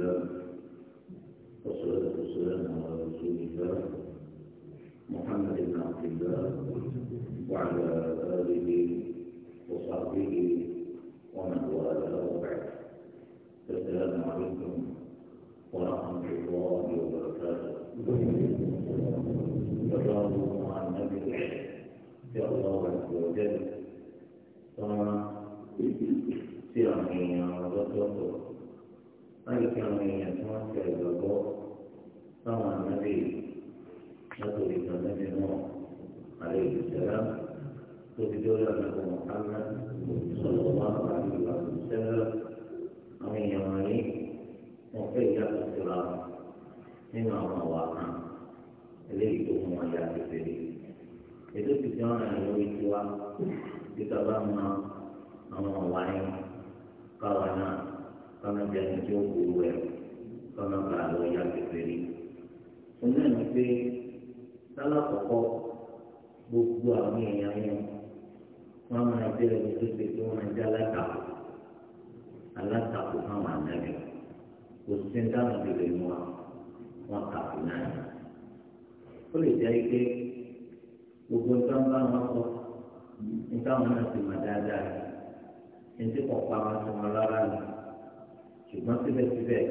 الله والصلاة والسلام على رسول الله محمد بن عبد الله وعلى آله وصحبه ومن والاه وبعد السلام عليكم نقول إن النبي نوح عليه السلام تبدل أنه محمد صلى الله عليه وسلم أمين يومين وفي الصراط nínú àwọn àwa kan eléyìí tó mú ọjà kékeré ètò ìpìtì ọ̀ràn yìí lórí tiwa bí kaba ma àwọn àwa yẹn káwa náà kọ́nà jẹun tí ó kúrú ẹ̀ kọ́nà bàa lọ ọjà kékeré. Onáà lálàkọ̀kọ́ gbogbo àwọn èèyàn yẹn wọ́n máa jẹ́ ẹni tó ṣe kí wọ́n máa jẹ́ alátakò alátakò fáwọn ànábì kò sí ní dáhùn ìbéèrè wọn wọn kàkó náà ó lè jẹ́ ike gbogbo nǹkan bá wọn sọ nǹkan wọn náà ti mọ̀ dáadáa ní ti kọ̀ pa wọn sọ wọn lára nù ṣùgbọ́n síbẹ̀síbẹ̀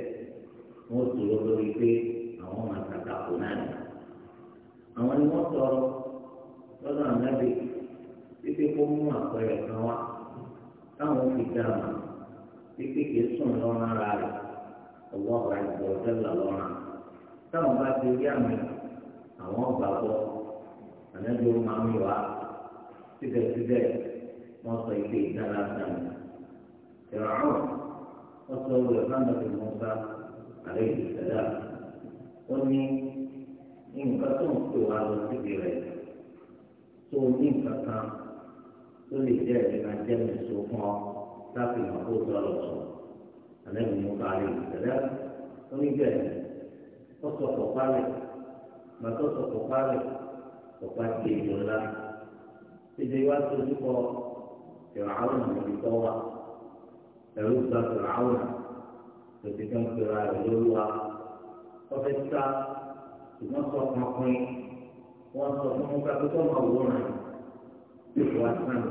wọ́n sọ̀rọ̀ lórí pé àwọn máa kàkó náà àwọn ni wọ́n tọrọ lọ́dọ̀ ànábì títí kó mú àpẹẹrẹ kan wá táwọn fi dáàmà títí kìí sùn lọ́rùn ara rẹ̀ ọwọ́ ọ̀rọ̀ ìgbọ̀ tẹ́lẹ̀ lọ́rùn táwọn bá ti rí àmì àwọn ọgbà bọ́ ànábì ó máa ń wá síbẹ̀síbẹ̀ wọ́n sọ ìpè ìdára sàmì ìrànwọ́ wọ́n sọ wíwẹ̀ fún ànábì mọ́sá àlẹ́ ìdìsẹ́lẹ̀ ó ní nǹkan tó ń pè wá lọ síbi rẹ̀ tó ní nǹkan kan tó lè jẹ́ ìrìnà jẹ́ mẹ́sọ fún ọ láti mọ̀ kó tó lọ sọ àlẹ́bí mo bá rí ìtẹ̀lẹ́ tó ní bẹ́ẹ̀ ó sọ pọ̀ pálẹ̀ màtó sọ ti èdè ńlá èdè wa tó dúpọ̀ ìrọ̀ àwọn ìmọ̀lẹ́ tó wà ẹ̀rú gba ìrọ̀ àwọn ètò ìjọba ìrọ̀ àìlówó wa ọ̀fẹ́ sá wọ́n sọ fún ọkùnrin wọ́n sọ fún ọkùnrin pé kọ́ máa wọ́n rẹ̀ ètò àtàn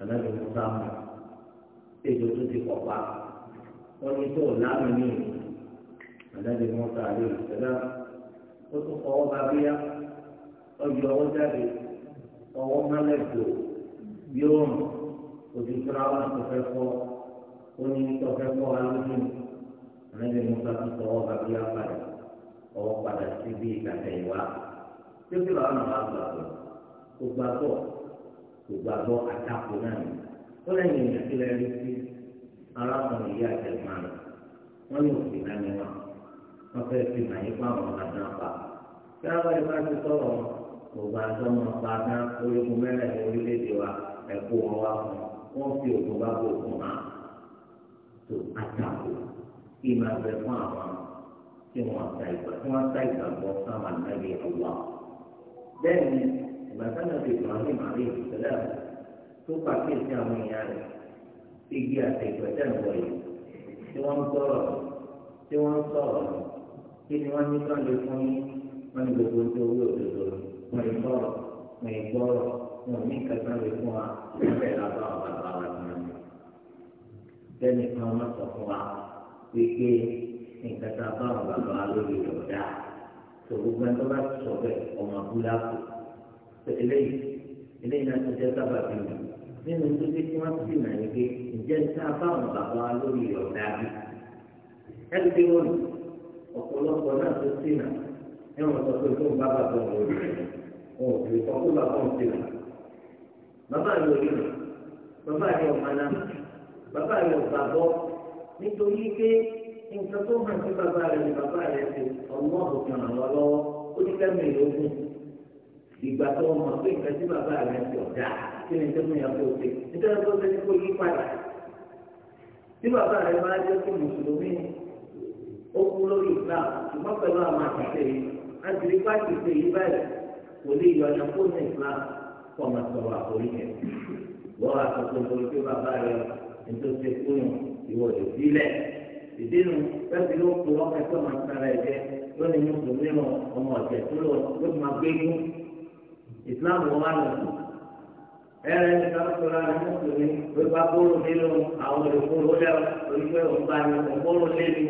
ànábì musa mọ̀ ètò tó ti kọ̀ pa wọ́n ní tó láàmì ní ànábì musa àlè ìṣẹ̀dá ó tún fọwọ́ bá bíyá ọjọ́ ọwọ́ jáde ọwọ́ mọ́lẹ́kọ̀ọ́ yóò mọ̀ òtún fúnra wọn tó fẹ́ fọ́ ó ní tó fẹ́ fọ́ alójú ànábì musa tó fọwọ́ bá bíyá padà sí bí ìgbàtẹ̀yìnwá tí ó sì bá wọn bá gbàgbọ́ kò gbàgbọ́ kò gbàgbọ́ àtakò náà ni ó lẹ́yìn ìyẹn kí lẹ́yìn sí arákùnrin yìí àtẹ̀mọ́ rẹ̀ wọ́n ní òfin náà ni wọ́n wọ́n fẹ́ fi màá yípa àwọn ọ̀gá pa kí wọ́n bá yẹ bá ti sọ̀rọ̀ wọn kò gbà tó pa ná orígun mẹ́rẹ̀ ní orílẹ̀-èdè wa ẹ̀kọ́ wọn wá fún wọn fi òògùn tí wọ́n ta ìgbà tí wọ́n ta ìgbà gbọ́ sáwọn ànábì ọ̀wà. bẹ́ẹ̀ ni ìgbà táwọn ti gbọ́n ní màrí ìṣẹ̀lẹ̀ tó pàkíyèsí àwọn èèyàn rẹ̀ igi àti ìgbẹ́jẹ̀ ń yìí tí wọ́n ń gbọ́rọ̀ tí wọ́n ń sọ̀rọ̀ kí ni wọ́n ní kán lè fún yín wọ́n ní gbogbo tó owó òdodo wọ́n lè gbọ́rọ̀ wọ́n ní kankan ni wọ́n ní. bẹ́ẹ̀ ni kí wọ́n má sọ fún wa wípé nǹkan tá a bá wọn bàbá wa lórí rẹ̀ ọ̀dà tó gbogbo ẹni tó bá sọ bẹ́ẹ̀ ọmọ abúlá kù tó eléyìí eléyìí náà tó jẹ́ sábà bí mi nínú tó dé kí wọ́n sì nà ní pé ǹjẹ́ tá a bá wọn bàbá wa lórí rẹ̀ ọ̀dà bí ẹni tí wọ́n lù ọ̀pọ̀lọpọ̀ náà tó sì nà ẹ̀wọ̀n sọ pé tó ń bá bàbá wọn lórí rẹ̀ wọn ò fi kọ́ kó bàbá wọn sì bàbá mi ò rí nítorí pé nǹkan tó hàn sí bàbá rẹ̀ ni bàbá rẹ̀ ti ọmọ ọ̀gbìn ràn wá lọ́wọ́ ó ní kẹ́mi ìlógún ìgbà tó ọmọ pé nǹkan tí bàbá rẹ̀ ti ọ̀dà kí ni tẹ́mi yà kó ṣe nítorí tó ṣe ní kó yí padà tí bàbá rẹ̀ máa jẹ́ kí mùsùlùmí ó kú lórí ìgbà ṣùgbọ́n pẹ̀lú àwọn àtìṣe yìí láti rí pàtìṣe yìí báyìí kò lè yọ ọ̀nà fóònù ìslam kọ́ máa àforí yẹn wọ́n á sọ pé nítorí pé bàbá rẹ̀ nítorí pé kúnyùn ìwọ̀dì sílẹ̀ ìdínú bẹ́ẹ̀ ló kó wọn kẹsàn máa tara ẹ̀jẹ̀ lónìí mùsùlùmí nù ọmọ ọ̀jẹ̀ tó lọ ló máa gbé mú ìsìláàmù wọn wà lọ ẹrẹ ní káfíńtà ní mùsùlùmí ló bá bóró nínú àwọn olùkóró lẹ́wọ̀ oríṣi ọ̀gbà ní ọ̀gbọ́rò lẹ́nu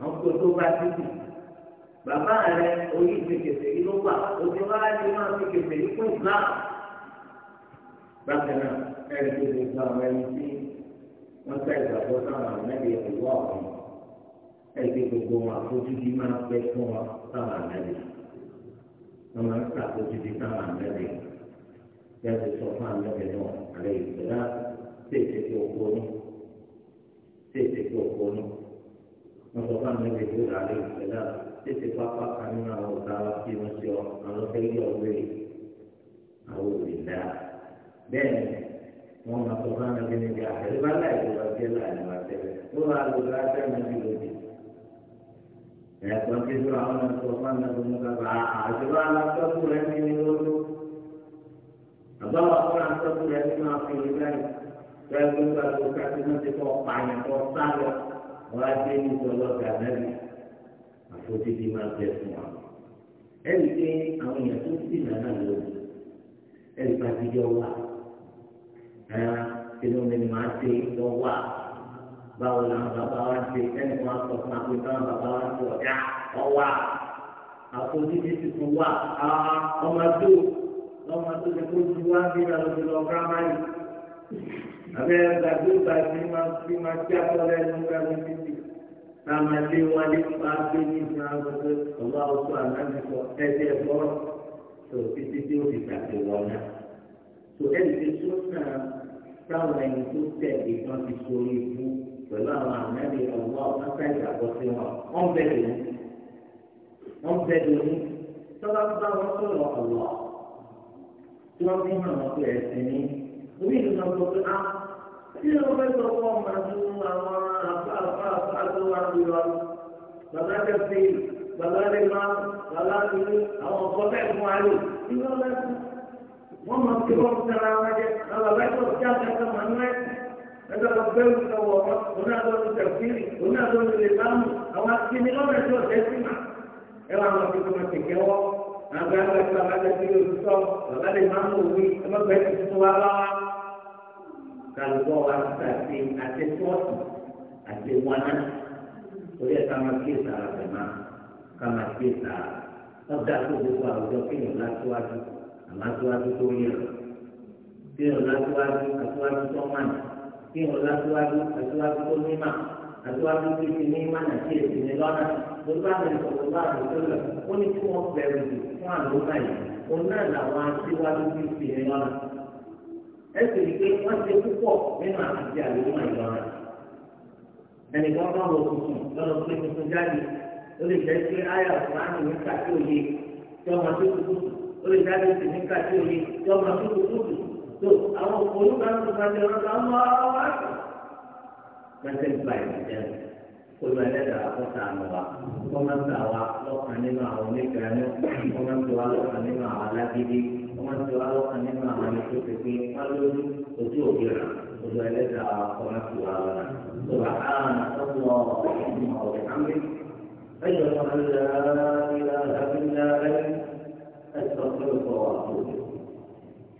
àwọn kò tó bá títì bàbá rẹ orí ìfẹ̀kẹ̀sẹ̀ yìí ló wà òtí wọn á ti máa fẹ̀kẹ̀sẹ̀ yìí fún ìsìláàmù bákan náà ẹ̀rẹ́ wọ́n ká ìgbàgbọ́ sáwọn ànábì ìwà ọ̀hún ẹgbẹ́ gbogbo wọn àfojúdi máa ń pẹ́ fún wọn sáwọn ànábì wọ́n máa ń ṣàfojúdi sáwọn ànábì yàtọ̀ sọ fún ànábì náà àlẹ́ ìgbẹ́lá tètè tó kó ní tètè tó kó ní wọ́n sọ fún ànábì ìwà àlẹ́ ìgbẹ́lá tètè pápá kan nínú àwọn ọ̀gá tí wọ́n ṣe ọ àwọn fẹ́ yọ ọ̀wé àwọn òrìlá bẹ́ẹ̀ ni wọn máa tó fún ẹgbẹ́ níbi àtẹ̀lé bá láì lọ sí ẹ̀la ìlú àtẹ̀lé tó máa lò lọ sí ẹ̀la ìlú lòdì. ẹ̀sọ́ kíkọ́ àwọn ọmọ tó fún ẹgbẹ́ níbi bàbá àjọba alásọ́kù rẹ̀ ní ní lójú. àbá wà fún alásọ́kù rẹ̀ ní máa fi ìlú láì fẹ́ẹ́ gbé gbàgbọ́ káfí náà ti kọ́ pààyàn kọ́ sálọ wọn á dé ní ìjọlọ gàdẹ́rì àfojúdi máa bẹ fún wa. ẹnì pé àwọn èèyàn tó sì náà náà lòdì ẹnì inú mi ni màá ṣe lọ wà báwo làwọn bàbá wa ṣe ẹnì kan sọ fún àpò ìtàn bàbá wa ṣe ọ̀dà ọwà àfojúdi tuntun wà ọmọ tó lọ́mọ tó lè kó ju wá bí lọ́dún lọ pírámàrì abẹ́ gbàgbé gbàgbé máa fi máa tí a tọ́ lẹ́nu gbàgbé títì táwọn ilé wálé bá gbé ní ìgbà gbogbo ọba ọkọ ànágbé sọ ẹgbẹ́ ẹ̀fọ́ tó títí tí ó fi gbàgbé wọn náà tó ẹnì tí tó náà táwọn ẹni tó tẹ̀lé kan ti sori ikú pẹ̀lú àwọn àmẹ́lẹ̀ ọ̀wọ́ ọ̀tọ́ta ìgbàgbọ́ sí wọn wọ́n bẹ̀ lóní wọ́n bẹ̀ lóní tọ́lá bá wọn sọ̀rọ̀ ọ̀wọ́ tí wọ́n fi hàn wọn pé ẹ̀sìn ní orí ìlú náà sọ á tí wọ́n fẹ́ sọ fún ọmọ àdúgbò àwọn afáàfáà tó wà ń lọ wọ́n máa fi wọ́n sára wọn jẹ àwọn àbájọ ọ̀já àtàkà máa ń rẹ̀ ẹgbẹ́ ọgbẹ́ òṣìṣẹ́ wọ̀ ọ́ onáàdọ́nù tẹ̀síìlì onáàdọ́nù lè bámu àwọn akíní lọ́rẹ̀ tó ọ̀jẹ́ sí mà ẹ wà wọn fi tọmọ kẹ̀kẹ́ wọ́ àgbẹ̀ àgbẹ̀ àgbẹ̀ sí olùsọ bàbá lè máa ń mú òwe ẹgbẹ́ ti tún wá bá wa kálukọ́ wa sàti àti tọ́ọ̀tù àti wọnà orí ẹ̀ ká máa àmọ́ síwájú tó yẹ kí ọ̀la síwájú àtiwájú tó mánà kí ọ̀la síwájú àtiwájú tó mímà àtiwájú tó ti ní mánà tí èsì ní lọ́nà lọ́gbà mẹ́rin sọ̀rọ̀ bá àbò tó lọ ó ní kí wọ́n bẹ̀rù jù fún àlọ́ báyìí òun náà làwọn aṣíwájú tó ti ní lọ́nà ẹ sì rí pé wọ́n ti púpọ̀ nínú àti àlọ́ ìlọ́nà ẹnì kan bá wọ tuntun lọ́dọ̀ pé tuntun jáde ó lè jẹ́ pé áyà fúlàní níta tí olè dábẹ́ sí ní kájí òye tí ọmọ tuntun tuntun tó àwọn olùkọ́ tó máa tẹ ọ̀rọ̀ kan lọ wá. Mẹ́tẹ́ gba ìdíjẹ́ olú ẹlẹ́dàá àkọ́tà àmọ́ wa wọ́n máa ń tà wá lọ́kàn nínú àwọn onígbàánu wọ́n máa ń tà wá lọ́kàn nínú àwọn alágídí wọ́n máa ń tà wá lọ́kàn nínú àwọn ẹni tó ti pé wọ́n lórí ojú òbí أستغفرك وأتوب إليك